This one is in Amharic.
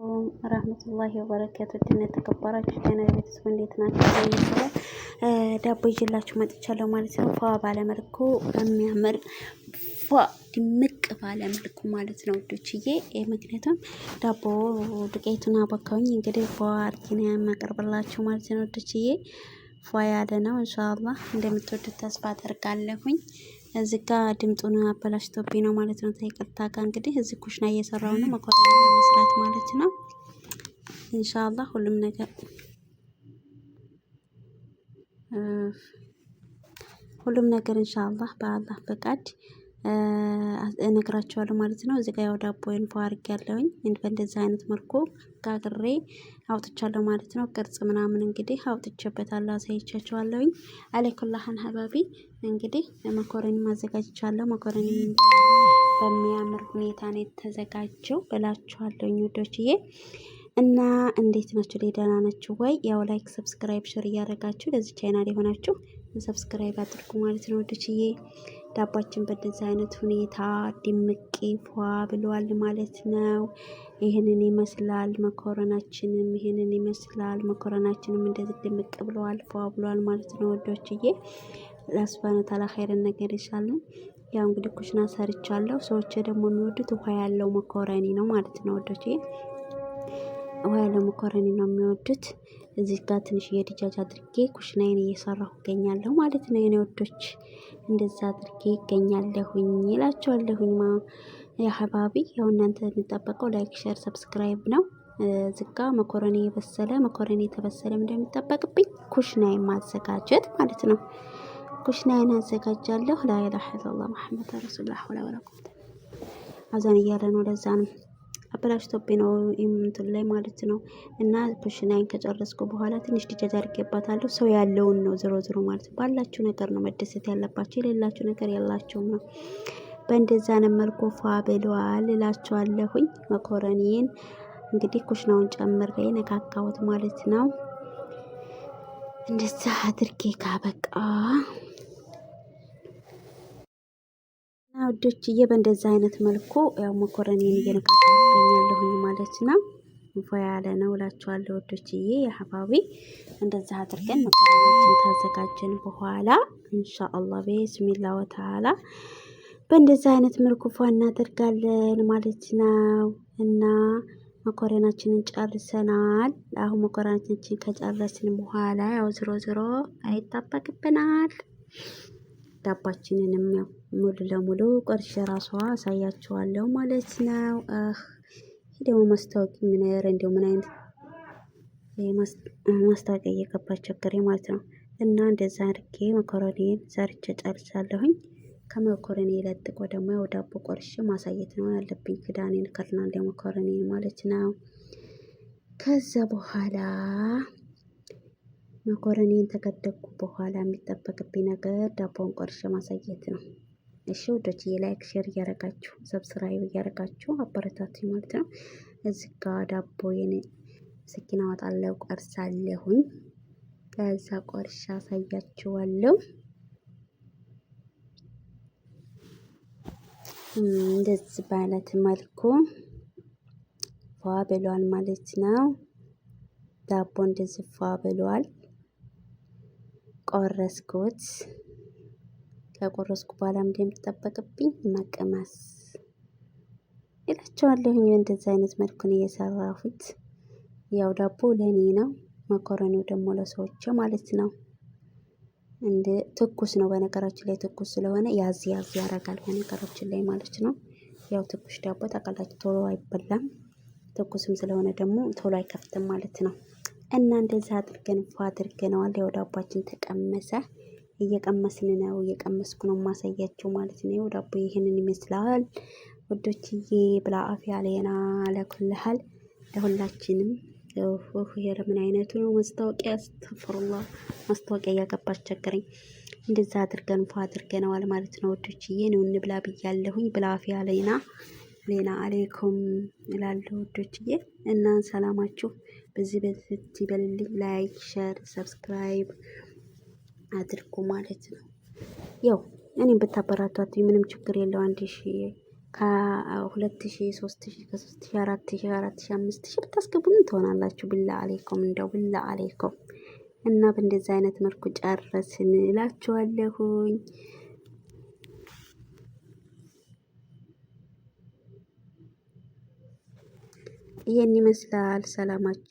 አሰላሙአለይኩም ረህመቱላሂ ወበረካቱ ድነ ተከበራችሁ ጤና ቤተሰብ እንዴት ናቸው? ይባላል ዳቦ ይዤላችሁ መጥቻለሁ ማለት ነው። ፏ ባለመልኩ በሚያምር ፏ ድምቅ ባለመልኩ ማለት ነው ውዶችዬ። ምክንያቱም ዳቦ ዱቄቱን አቦካውኝ እንግዲህ ፏ አድርጌ የማቀርብላችሁ ማለት ነው ውዶችዬ። ፏ ያለ ነው። እንሻአላህ እንደምትወዱት ተስፋ አደርጋለሁኝ። እዚህ ጋ ድምጡን አበላሽቶብኝ ነው ማለት ነው። ይቅርታ ጋ እንግዲህ እዚህ ኩሽና እየሰራው ነው መኮረኒ ለመስራት ማለት ነው። ኢንሻአላህ ሁሉም ነገር ሁሉም ነገር ኢንሻአላህ በአላህ ፈቃድ እነግራቸዋለሁ ማለት ነው። እዚህ ጋር ያው ዳቦዬን ፏ አድርጌያለሁኝ በእንደዚህ አይነት መልኩ ጋግሬ አውጥቻለሁ ማለት ነው። ቅርጽ ምናምን እንግዲህ አውጥቼበታለሁ አሳይቻቸዋለሁኝ። አለይኩላህን ሀባቢ እንግዲህ መኮረኒ ማዘጋጅቻለሁ። መኮረኒ በሚያምር ሁኔታ ነው የተዘጋጀው እላችኋለሁኝ ውዶችዬ እና እንዴት ናችሁ? ደህና ናችሁ ወይ? ያው ላይክ፣ ሰብስክራይብ፣ ሽር እያደረጋችሁ ለዚህ ቻይናል የሆናችሁ ሰብስክራይብ አድርጉ ማለት ነው ውዶችዬ ዳባችን በደዚ አይነት ሁኔታ ድምቄ ፏ ብለዋል ማለት ነው። ይህንን ይመስላል መኮረናችንም ይህንን ይመስላል መኮረናችንም እንደዚህ ድምቅ ብለዋል ፏ ብለዋል ማለት ነው። ወዶችዬ ለስባነ ታላ ኸይረን ነገር ይሻለን። ያው እንግዲህ ኩሽና ሰርቻለሁ። ሰዎች ደግሞ የሚወዱት ውሃ ያለው መኮረኒ ነው ማለት ነው ወዶችዬ ውሃ ያለው መኮረኒ ነው የሚወዱት። እዚህ ጋር ትንሽ የድጃጅ አድርጌ ኩሽናዬን እየሰራሁ እገኛለሁ ማለት ነው የኔ ወዶች፣ እንደዛ አድርጌ ይገኛለሁኝ ይላችኋለሁኝ። ማ የሀባቢ ያው እናንተ የሚጠበቀው ላይክ፣ ሸር፣ ሰብስክራይብ ነው። ዝጋ መኮረኒ የበሰለ መኮረኒ የተበሰለ እንደሚጠበቅብኝ ኩሽናዬን ማዘጋጀት ማለት ነው። ኩሽናዬን አዘጋጃለሁ። ላኢላሀ ኢለላህ መሐመድ ረሱሉላህ። ወላ ወላ አዛን እያለ ነው ለዛ ነው አበላሽቶብኝ ነው እንትን ላይ ማለት ነው። እና ኩሽናዬን ከጨረስኩ በኋላ ትንሽ ዲጃጅ አድርጌባታለሁ። ሰው ያለውን ነው ዝሮ ዝሮ ማለት ነው። ባላችሁ ነገር ነው መደሰት ያለባቸው የሌላችሁ ነገር ያላችሁም ነው። በእንደዛነ መልኩ ፏ ብለዋል እላችኋለሁኝ። መኮረኒን እንግዲህ ኩሽናውን ጨምሬ ነካካሁት ማለት ነው። እንደዛ አድርጌ ካበቃ እየ በእንደዚህ አይነት መልኩ ያው መኮረኔን እየነቃቀ ይገኛለሁኝ ማለት ነው። እንፎ ያለ ነው እላችኋለሁ እዬ የሀባቢ እንደዛ አድርገን መኮረናችን ታዘጋጀን በኋላ ኢንሻአላህ ቢስሚላ ወተዓላ በእንደዛ አይነት መልኩ ፏ እናደርጋለን ማለት ነው እና መኮረናችንን ጨርሰናል። አሁን መኮረናችንን ከጨረስን በኋላ ያው ዝሮ ዝሮ አይታበቅብናል። ዳባችንንም ያው ሙሉ ለሙሉ ቆርሼ ራሷ አሳያችኋለሁ ማለት ነው። ይህ ደግሞ ማስታወቂያ ምን ያር እንዲሁ ምን አይነት ማስታወቂያ እየገባች ቸገሬ ማለት ነው። እና እንደዛ አድርጌ መኮረኒን ሰርቼ ጨርሳለሁኝ። ከመኮረኒ ለጥቆ ደግሞ ያው ዳቦ ቆርሼ ማሳየት ነው ያለብኝ። ክዳኔን ከድና እንደ መኮረኒ ማለት ነው። ከዛ በኋላ መኮረኒን ተከደኩ በኋላ የሚጠበቅብኝ ነገር ዳቦን ቆርሼ ማሳየት ነው። እሺ ወዶች የላይክ ሼር እያረጋችሁ ሰብስክራይብ እያረጋችሁ አበረታቱ ማለት ነው። እዚህ ጋ ዳቦ የኔ ስኪና አወጣለሁ ቆርሳለሁኝ። ከዛ ቆርሻ አሳያችኋለሁ። እንደዚህ በአይነት መልኩ ፏ ብሏል ማለት ነው። ዳቦ እንደዚህ ፏ ብሏል። ቆረስኩት። ከቆረስኩ በኋላ እንደሚጠበቅብኝ መቀማስ ይላቸዋለሁኝ። እንደዚህ አይነት መልኩን እየሰራሁት ያው ዳቦ ለእኔ ነው፣ መኮረኒው ደግሞ ለሰዎች ማለት ነው። እንደ ትኩስ ነው። በነገራችን ላይ ትኩስ ስለሆነ ያዝ ያዝ ያደርጋል በነገራችን ላይ ማለት ነው። ያው ትኩስ ዳቦ ታውቃላችሁ ቶሎ አይበላም። ትኩስም ስለሆነ ደግሞ ቶሎ አይከፍትም ማለት ነው። እና እንደዚህ አድርገን ፎ አድርገነዋል። ያው ዳቧችን ተቀመሰ። እየቀመስን ነው፣ እየቀመስኩ ነው ማሳያችሁ ማለት ነው። ዳቦ ይህንን ይመስላል ወዶችዬ። ብላ አፍያ ሌና ለኩልሃል ለሁላችንም ይሄ ምን አይነቱ ነው? ማስታወቂያ አስተፍሩላ ማስታወቂያ እያገባች ቸገረኝ። እንደዛ አድርገን ፏ አድርገነዋል ማለት ነው ወዶችዬ። ነው እንብላ ብያለሁኝ። ብላ አፍያ ሌና ሌና አሌይኩም እላለሁ ወዶችዬ እና ሰላማችሁ በዚህ በዚህ ይበልልኝ። ላይክ፣ ሸር፣ ሰብስክራይብ አድርጉ ማለት ነው። ያው እኔም ብታበራቷት ምንም ችግር የለው። አንድ ሺ ከሁለት ሺ ሶስት ሺ ከሶስት ሺ አራት ሺ አራት ሺ አምስት ሺ ትሆናላችሁ። ብላ አሌይኩም እንደው ብላ አሌይኩም እና በእንደዚህ አይነት መልኩ ጨረስን እላችኋለሁኝ። ይሄን ይመስላል ሰላማችሁ